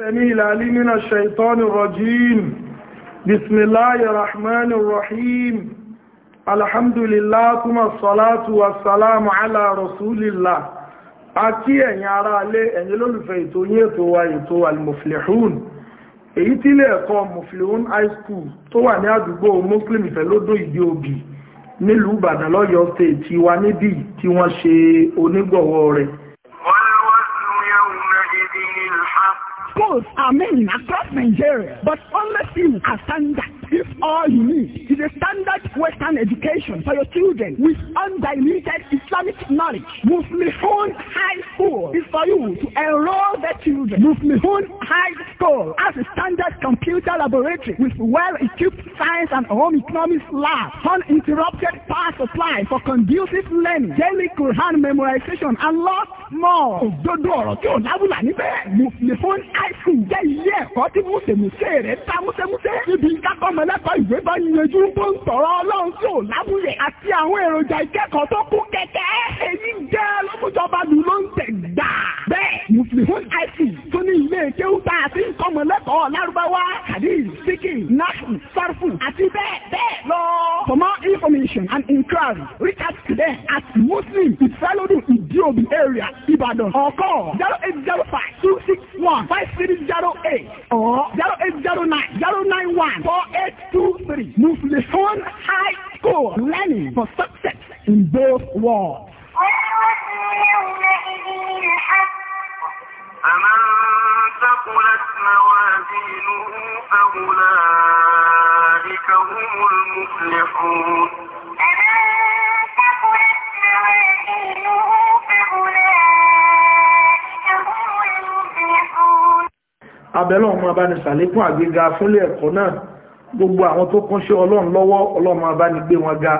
السميع العليم من الشيطان الرجيم بسم الله الرحمن الرحيم الحمد لله ثم الصلاة والسلام على رسول الله àti ẹ̀yin ará ilé ẹ̀yin lólùfẹ́ ètò yín ètò wa ètò almuflihun èyí tí ilé ẹ̀kọ́ muflihun high school tó wà ní àdúgbò muslim ìfẹ́lódò ìdí òbí nílùú ìbàdàn lọ́yọ́ state tiwa níbí tí wọ́n ṣe onígbọ̀wọ́ rẹ̀ Schools are many across Nigeria, but only few are standard. If all you need is a standard Western education for your children with undiluted Islamic knowledge, Muslimhun High School is for you to enroll their children. Muslimhun High School has a standard computer laboratory with well-equipped science and home economics lab, uninterrupted power supply for conducive learning, daily Quran memorization, and lots mọ̀. òdodo ọ̀rọ̀ tí ò lábùlà níbẹ̀. mùsùlùmí àìsùn jẹ́ ilé ẹ̀kọ́ tí mùsèmùsè rẹ̀ ta mùsèmùsè. níbi ìdákọ̀mọ̀lẹ́kọ̀ ìwé bá yanjú tó ń tọ̀rọ̀ ọlọ́run tí ò lábùlẹ̀. àti àwọn èròjà ìkẹ́kọ̀ọ́ tó kún kẹ̀kẹ́. èyí jẹ́ lọ́kùnjọba lù ló ń tẹ̀ gbà mufilihun àti ilé kéwúta àti ìkọ́mọ lẹ́kọ̀ọ́ lárúbáwá hadith sikin sarfu àti bẹ́ẹ̀ bẹ́ẹ̀ lọ. for more information and inquiry reach out to them at muslim ifeolodun idiobi area ibadan or call zero eight zero five two six one five three zero eight or zero eight zero nine zero nine one four eight two three mufilihun high school learning for success in both worlds. فمن ثقلت موازينه فأولئك هم المفلحون abẹ́lọ́ ọmọ abá ni sàlékún àgbéga fúnlé ẹ̀kọ́ náà gbogbo àwọn tó kúnṣẹ́ ọlọ́run lọ́wọ́ ọlọ́run abá ni gbé wọn ga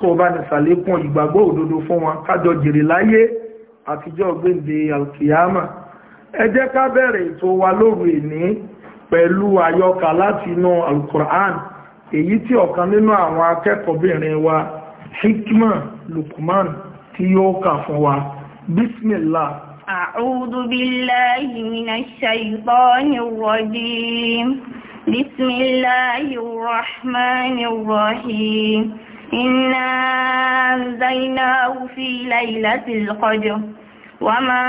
tó bá ni sàlékún ìgbàgbọ́ òdodo fún wọn kájọ jèrè láyé àtijọ́ gbéǹde ẹ jẹ́ ká bẹ̀rẹ̀ ètò wa lóru ìní pẹ̀lú àyọkà láti inú alukur'an èyí tí ọ̀kan nínú àwọn akẹ́kọ̀ọ́bìnrin wa hikma lukman tí yóò kà fún wa bismillah أعوذ بالله من الشيطان الرجيم بسم الله الرحمن الرحيم إنا أنزلناه في ليلة القدر وما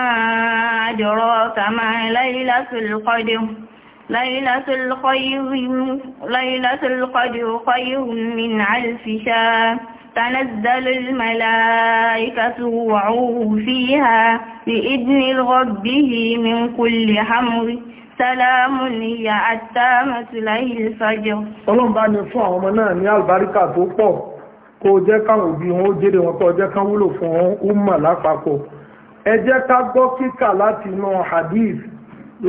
أدراك ما ليلة القدر ليلة الخير ليلة القدر خير من ألف شهر تنزل الملائكة وعوه فيها بإذن ربه من كل حمر سلام هي حتى مثلي الفجر ọlọ́run bá ní fún àwọn ọmọ náà ní àlùbáríkà tó pọ̀ kó jẹ́ káwọn òbí wọn ó jèrè ẹ jẹ́ ká gbọ́ kíkà láti inú hadith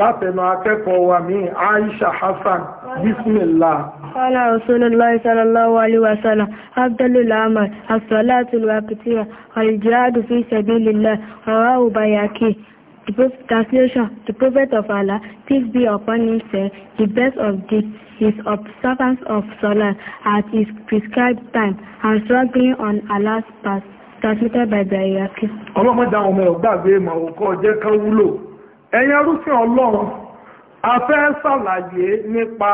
látẹnu akẹ́kọ̀ọ́ wa ní Aisha Hassan bismillah Kọ́lá Rasulullah sallallahu alaihi wa sallam, Abdullul Amal, Asalatul Wakitiya, Aljihadu fi sabilillah, Rawahu Bayaki. The prophet, translation, the prophet of Allah, peace be upon him, said, the best of deeds is observance of Salah at his prescribed time and struggling on Allah's path. Tàfíkà bàbá ìyàkí. Ọlọ́mọdá ọmọ ọ̀gbàgbé ìmọ̀ òkọ́ jẹ́ ká wúlò. Ẹ̀yẹn rúfin Ọlọ́run, a fẹ́ sàlàyé nípa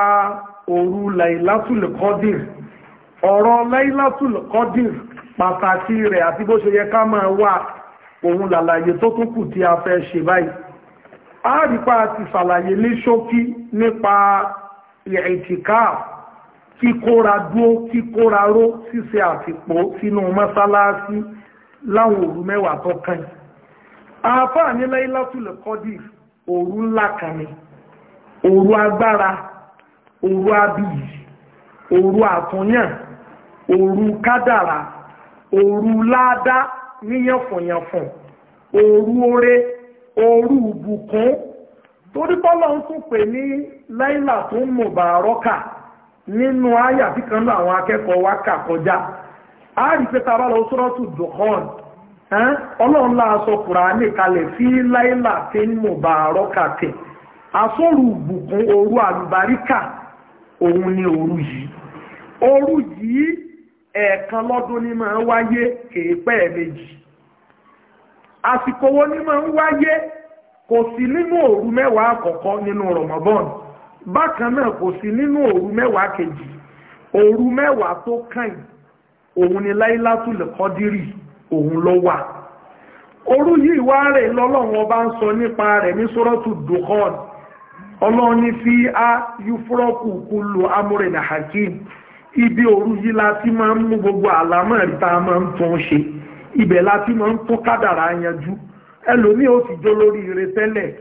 òru Lailatul Qadr. Ọ̀rọ̀ Lailatul Qadr pàtàkì rẹ̀ àti bó ṣe yẹ ká máa wà òun làlàyé tó tún kù tí a fẹ́ ṣe báyìí. A rí pa ti sàlàyé ní ṣókí nípa ìtìkáà kíkóra dúó kíkóra ró ṣíṣe àtìpó sínú mọ́sálásí láwọn òru mẹ́wàá tó kàn yìí àáfàá ní Laylatul Qadr òru ńlá kan ni òru agbára òru abiyì òru àtúnyàn òru kádàrà òru ládá níyànfọ̀yànfọ̀n òru oore òru ìbùkún torí ń tún pè ní láìlà tó ń mọ̀ bàárọ́kà nínú àyà tí kan náà àwọn akẹ́kọ̀ọ́ wa kà kọjá a rí pé tàbá lọ sọ́rọ́tù dùkọ́ọ̀n ọlọ́run láà sọ kùránì kalẹ̀ sí láìlà tí ń mọ̀ bá rọ́kà tẹ̀ asọ́rù bùkún oru àlùbáríkà òun ni òru yìí òru yìí ẹ̀ẹ̀kan lọ́dún ní máa ń wáyé kéèpẹ́ ẹ̀mejì àsìkò wo ní máa ń wáyé kò sí nínú òru mẹ́wàá àkọ́kọ́ nínú rọ̀mọ́bọ́ọ̀nù bákan náà kò sí nínú òru mẹ́wàá kejì òru mẹ́wàá tó kàn òun ni láílátul kọ́dírì òun ló wà orú yìí wá rẹ̀ lọ́lọ́run ọba ń sọ nípa rẹ̀ ní sọ́rọ́tù dùkọ́n ọlọ́run fi á yúfúrọ́kù kú ibi yìí la máa ń gbogbo àlámọ̀ máa ń la máa ń tún yanjú ẹlòmíì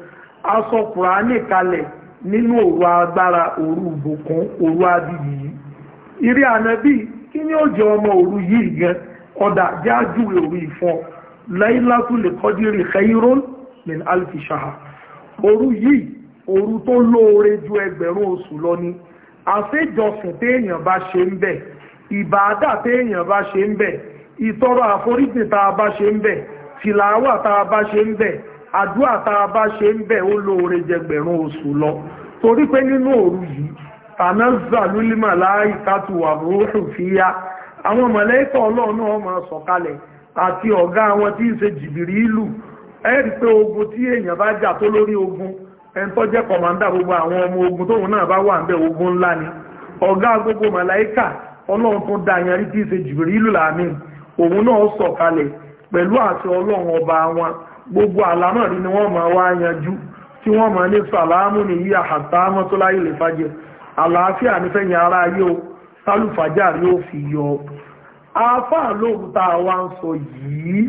aṣọ kùránì kalẹ̀ nínú òru agbára òru ìbùkún òru abiyì yìí ìrí ànábì kí ni ó jẹ ọmọ òru yìí gan ọ̀dà jẹ́ àjúwe òru ìfọn láìláàtúlè kọ́dírì khairun min alfi shahr òru yìí òru tó lóore ju ẹgbẹ̀rún oṣù lọ ni àṣejọsìn téèyàn bá ṣe ń bẹ̀ ìbàdà téèyàn bá ṣe ń bẹ̀ ìtọrọ àforíjì tá a bá ṣe ń bẹ̀ tìlàwà tá a bá ṣe ń bẹ̀ àdúrà tá a bá ṣe ń bẹ̀ ó lóore jẹgbẹ̀rún oṣù lọ torí pé nínú òru yìí tànà zàlúlímà láàyè kátù wà rúṣù fíyá àwọn mọ̀lẹ́kọ̀ ọlọ́run náà sọ̀kalẹ̀ àti ọ̀gá wọn tí ń ṣe jìbìrì ìlú ẹ̀rí pé ogun tí èèyàn bá jà ogun ẹ̀ńtọ́ jẹ́ kọ̀mọ̀ndà gbogbo àwọn ọmọ ogun tóun náà bá wà ogun ńlá ni ọ̀gá gbogbo mọ̀láíkà ọlọ́run tó yanrí tí ń ṣe jìbìrì ìlú òun náà sọ̀kalẹ̀ pẹ̀lú àti ọba wọn gbogbo àlámọ̀rí ni wọ́n máa wá yanjú tí wọ́n máa ní sàlámù ní yíya àtàmọ́ tó láyé lè fàjẹ́ àlàáfíà ní fẹ́yìn ara ayé o sálùfàjà rí ó fi yọ afá lóòótá wa ń sọ yìí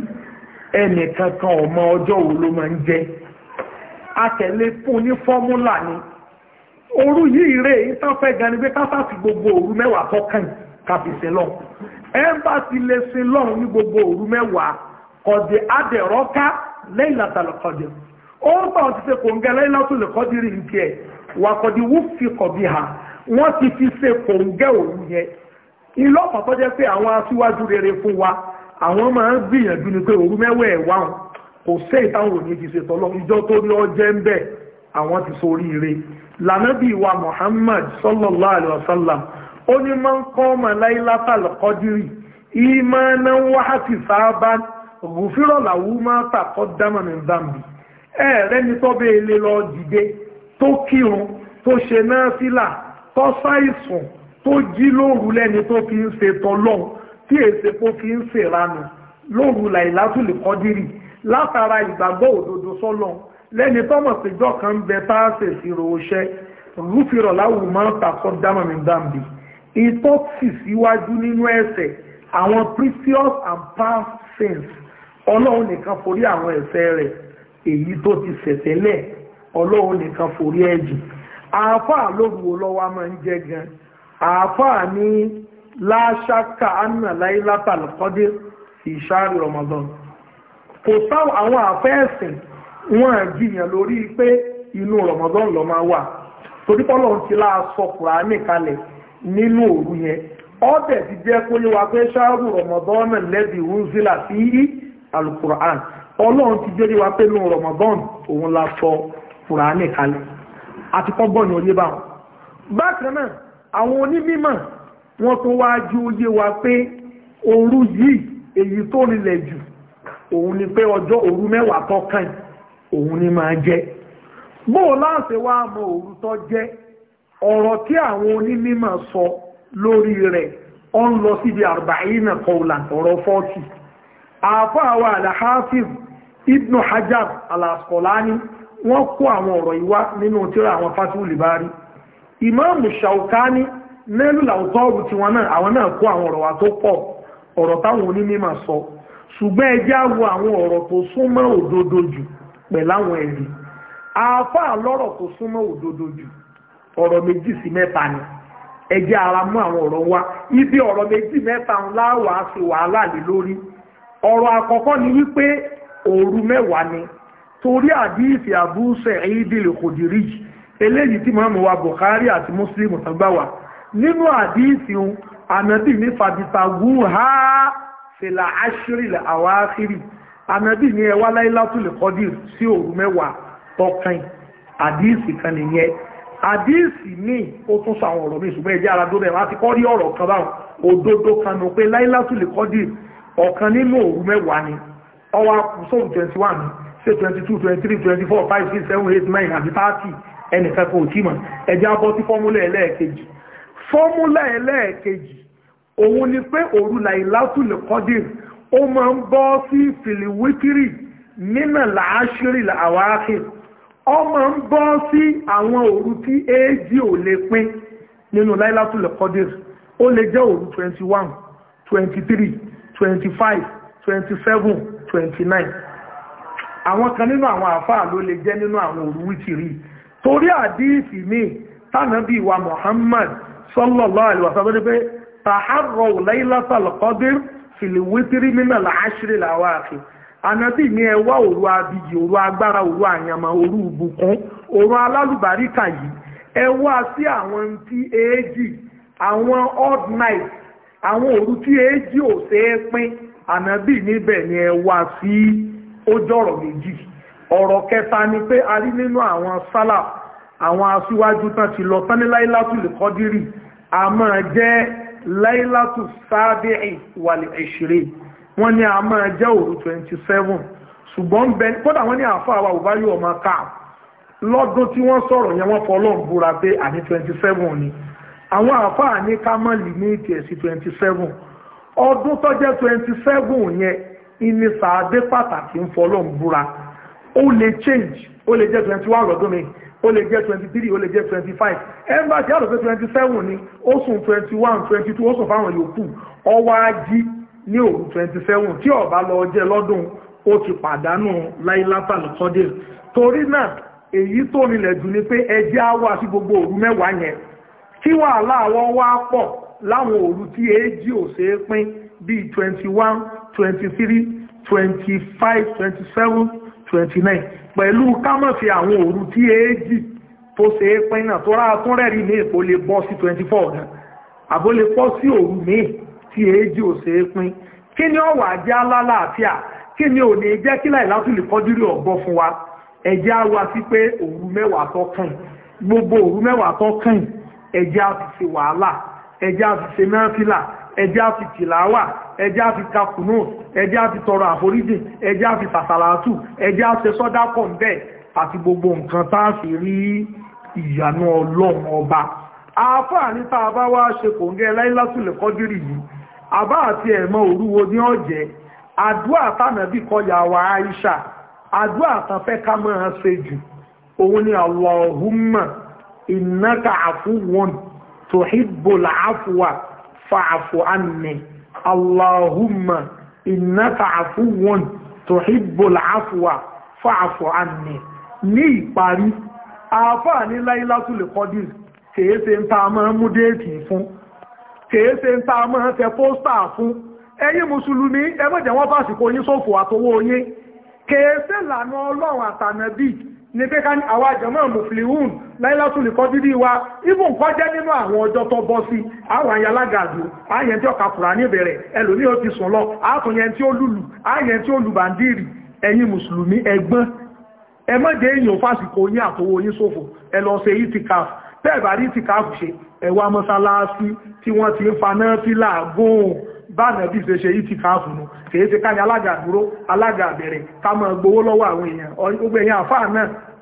ẹnìkan kan ọmọ ọjọ́ wo ló máa ń jẹ́ atẹ̀lé fún ní fọ́múlà ni òru yìí rè é tán fẹ́ gan ni pé kásáàtì gbogbo òru mẹ́wàá tó kàbìsẹ̀ lọ ẹ bá ti lè sin lọ́run ní gbogbo òru mẹ́wàá kọ̀dé adẹ̀rọ́ká Laylatul Qadr ó ń tàn ti ṣe kò ń gẹ Laylatul Qadr ń tiẹ̀ wàkọ̀dí wú fi kọ̀ bí ha wọ́n ti fi ṣe kò ń gẹ òun yẹn ìlọ́pàá tó jẹ́ pé àwọn aṣíwájú rere fún wa àwọn máa ń gbìyànjú ni pé òru mẹ́wẹ̀ẹ́ wà wọn kò sí ìtàwọn òní ti ṣètò lọ ìjọ tó ní ọjẹ́ ń bẹ̀ àwọn ti sórí ire lànàbí wa Muhammad sallallahu alaihi wasallam ó ní ògùnfírọ̀ làwù máa tàkọ́ dámàmì zambi ẹ̀ẹ́rẹ́ ni tọ́bẹ̀ ilé lọ dìde tó kírun tó ṣe náà sílà tó ṣàìsùn tó jí lóru lẹ́ni tó fi ń ṣe tọ́lọ́hún tí èsè kó fi ń ṣèranù lóru làìlátùlẹ̀ kọ́dírì látara ìgbàgbọ́ òdodo sọ́lọ́hún lẹ́ni tọ́mọ̀ péjọ́ kan bẹ tá a ṣèṣirò ṣẹ́ rúfirọ̀ láwù máa tàkọ́ dámàmì zambi ìtọ́sí síwájú nínú ẹ̀ṣẹ̀ àwọn precious and past sins ọlọ́run nìkan forí àwọn ẹ̀ṣẹ̀ rẹ̀ èyí tó ti ṣẹ̀tẹ́lẹ̀ ọlọ́run nìkan forí ẹ̀jì àáfàá lọ́wọ́ olọ́wà máa ń jẹ́ gan àáfàá ní láṣáká anna Láyé lọ́kọ́dé sí ìṣáàrí Ramadan kò sáwọn àwọn àfẹ́ẹ̀sìn wọ́n jiyàn lórí pé inú Ramadan lọ máa wà torí pọ́lọ́run ti láà sọ Kùránì kalẹ̀ nínú òru yẹn ọ́dẹ̀ ti jẹ́ kó yé wa pé ṣáàrù Ramadan lẹ́bi rúzílà sí yìí Alukuraan, ọlọ́run ti jẹ́rí wa pé lóun rọmọbọ́n òun la sọ kùránì kalẹ̀ àti kọ́gbọ́n ní oyé báwọn. bákan náà àwọn onímọ̀ wọn tó wáá ju oyé wa pé òru yìí èyí tó rinlẹ̀ jù òun ni pé ọjọ́ òru mẹ́wàá tó kàn òun ni máa jẹ́ bóò láǹṣe wá mọ òru tó jẹ́ ọ̀rọ̀ tí àwọn onímọ̀ sọ lórí rẹ̀ ọ̀n lọ síbi àrùbáyé náà kọ̀ọ̀là ọ̀rọ̀ fọ́ọ̀tì. àwọn alhafiz ibn hajar alaskolani wọ́n kó àwọn ọ̀rọ̀ ìwá nínú tíra àwọn fásitì libari imam shaukani mẹ́lú làwùtọ́ọ̀bù tí wọn náà àwọn náà kó àwọn ọ̀rọ̀ wa tó pọ̀ ọ̀rọ̀ táwọn sọ ṣùgbọ́n ẹjẹ́ àwọn ọ̀rọ̀ tó súnmọ́ òdodo jù pẹ̀láwọn ẹ̀rí tó súnmọ́ òdodo jù ọ̀rọ̀ méjì sí ni ẹjẹ́ ara mú àwọn ọ̀rọ̀ wa ibi ọ̀rọ̀ méjì mẹ́ta láwàá ọ̀rọ̀ àkọ́kọ́ ni wípé òru mẹ́wàá ni torí àdíìsì Abu Sa'id al-Khudri eléyìí tí mọ́mù wa Buhari àti Muslim tàgbàwà nínú àdíìsì un ànàbì ní fàbítàgù ha fèlà ashiril awakhiri ànàbì ní ẹwà Laylatul Qadr sí òru mẹ́wàá tọkàn àdíìsì kan nìyẹn àdíìsì ní ó tún sàwọn ọ̀rọ̀ mi ṣùgbọ́n ẹjẹ́ ara dóbẹ̀ wá ti kọ́ rí ọ̀rọ̀ kan báwọn òdodo kan nù pé Laylatul ọ̀kan nínú òru mẹ́wàá ni ọwọ́ sóòrù 21 ni ṣe 22 23 24 5 6 7 8 9 àti 30 ẹnìkan kò tí mọ̀ ẹjẹ́ abọ́ sí fọ́múlà ẹlẹ́ẹ̀kejì fọ́múlà ẹlẹ́ẹ̀kejì òun ni pé òru làìlátùlẹ̀ kọ́dìr ó máa ń bọ́ sí fìlìwítírì nínà làáṣírì làwáàkì ó máa ń bọ́ sí àwọn òru tí éèjì ò lè pín nínú làìlátùlẹ̀ kọ́dìr ó lè jẹ́ òru 21 23 twenty five twenty seven twenty nine àwọn kan nínú àwọn àfáà ló lè jẹ́ nínú àwọn òru wítìrí torí àdíìsì míì tánàbí wa Muhammad sallallahu alaihi wasallam ní pé tàhárọ̀ laylatul qadr fil wítìrí min al-ashr al-awakhir ànàbí ní ẹwà òru abiyì òru agbára òru àyàmà òru ìbùkún òru alálùbáríkà yìí ẹwà sí àwọn tí èéjì àwọn odd night àwọn òru tí èjì ò ṣe é pín ànábì níbẹ̀ ni ẹ wá sí ó jọ̀rọ̀ méjì ọ̀rọ̀ kẹta ni pé a rí nínú àwọn sálà àwọn aṣíwájú tán ti lọ tán ní láìlátù lè kọ́dírì a máa jẹ́ láìlátù sábẹ̀ẹ́ wàlẹ̀ ẹ̀ṣẹ̀rẹ̀ wọ́n ní a máa jẹ́ òru 27 ṣùgbọ́n bẹ́ẹ̀ kódà wọ́n ní àfọ́ àwa òbáyọ̀ ọmọ káà lọ́dún tí wọ́n sọ̀rọ̀ yẹn wọ́n fọ́ búra pé àní 27 ni àwọn àfáà ní ká mọ́ límìtì ẹ̀ sí twenty seven ọdún tó jẹ́ twenty seven yẹn ìní sàádé pàtàkì ń fọlọ́ ń búra ó lè change ó lè jẹ́ twenty one lọ́dún mi ó lè jẹ́ twenty three ó lè jẹ́ twenty five embassy àlọ́ pé twenty seven ni ó sùn twenty one twenty two ó sùn fáwọn yòókù ọwọ́ ají ní òru twenty seven tí ó bá lọ jẹ́ lọ́dún ó ti pàdánù láìlátàlù kọ́dé torí náà èyí tó nílẹ̀ jù ni pé ẹjẹ́ á wá sí gbogbo òru mẹ́wàá yẹn tí wàhálà àwọn wá pọ̀ láwọn òru tí èjì ò ṣe é pín bíi twenty one twenty three twenty five twenty seven twenty nine pẹ̀lú kámọ̀fì àwọn òru tí èjì tó ṣe é pín náà tó rà tún rẹ̀rí ní èkó lè bọ́ sí twenty four náà àbó lè pọ́ sí òru míì tí èjì ò ṣe é pín kí ni ọ̀wà ajé alálàáfíà kí ni ò ní jẹ́ kí láì látùlì kọjúrí ọ̀gbọ́ fún wa ẹ̀jẹ̀ á wá sí pé òru mẹ́wàá tó gbogbo òru mẹ́wàá tó ẹjẹ́ àti ṣe wàhálà ẹjẹ́ àti ṣe náfìlà ẹjẹ́ àti tìláwà ẹjẹ́ àti kakunú ẹjẹ́ àti tọrọ àforíjì ẹjẹ́ àti sàṣàlátù ẹjẹ́ àti sọ́dákọ̀ ń bẹ̀ àti gbogbo nǹkan tá a fi rí ìyànà ọlọ́run ọba àfáàní tá a bá wá ṣe kòǹgẹ́ láìlásùlẹ̀ kọ́dírì yìí àbá àti ẹ̀mọ́ òrúwo ní ọ̀jẹ́ àdúà tánàbí kọyà wa Aisha inata afu won to hit bola fa afu annen Allahumma inata afu won to hit bola afuwa fa afu ni ipari afu a ni layi latule kudir keye se nta ama mude fi fun keye se nta ama se fosta fun eyi musulumi eme jewon baa si koyi sofuwa towo onye keye se lanu olonwa atanabi ni pe ka ni awa jaman mufli láìlátùlì kọ́ dídí wa ibùn nǹkan jẹ́ nínú àwọn ọjọ́ tó bọ́ sí àwọn àyà alágàdù àyẹn tí ọkà kùrà ní ìbẹ̀rẹ̀ ẹlòmí ó ti sùn lọ àtúnyẹn tí ó lùlù àyẹn tí ó lù bàndìrì ẹ̀yin mùsùlùmí ẹgbọ́n ẹ má jẹ́ èèyàn fásìkò yín àtowó yín ṣòfò ẹ lọ ṣe itikaf bẹ́ẹ̀ bá rí itikaf ṣe ẹ wá mọ́sálásí tí wọ́n ti ń faná fílà gùn báàmì bí ṣe ṣe itikaf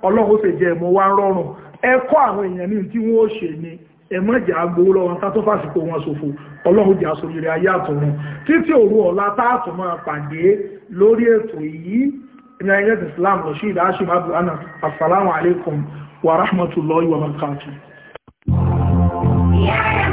ọlọ́run ó ṣe ẹ̀mọ́ wá rọrùn eku kọ́ àwọn èèyàn ní tí wọ́n ó ṣe ni ẹ má jẹ́ agbowó lọ́wọ́ wọn ṣòfò ọlọ́run jẹ́ aṣòyèrè ayé àtọ̀run títí òru iyi táàtọ̀ máa pàdé lórí ètò yìí ní ayé wa rahmatullahi wa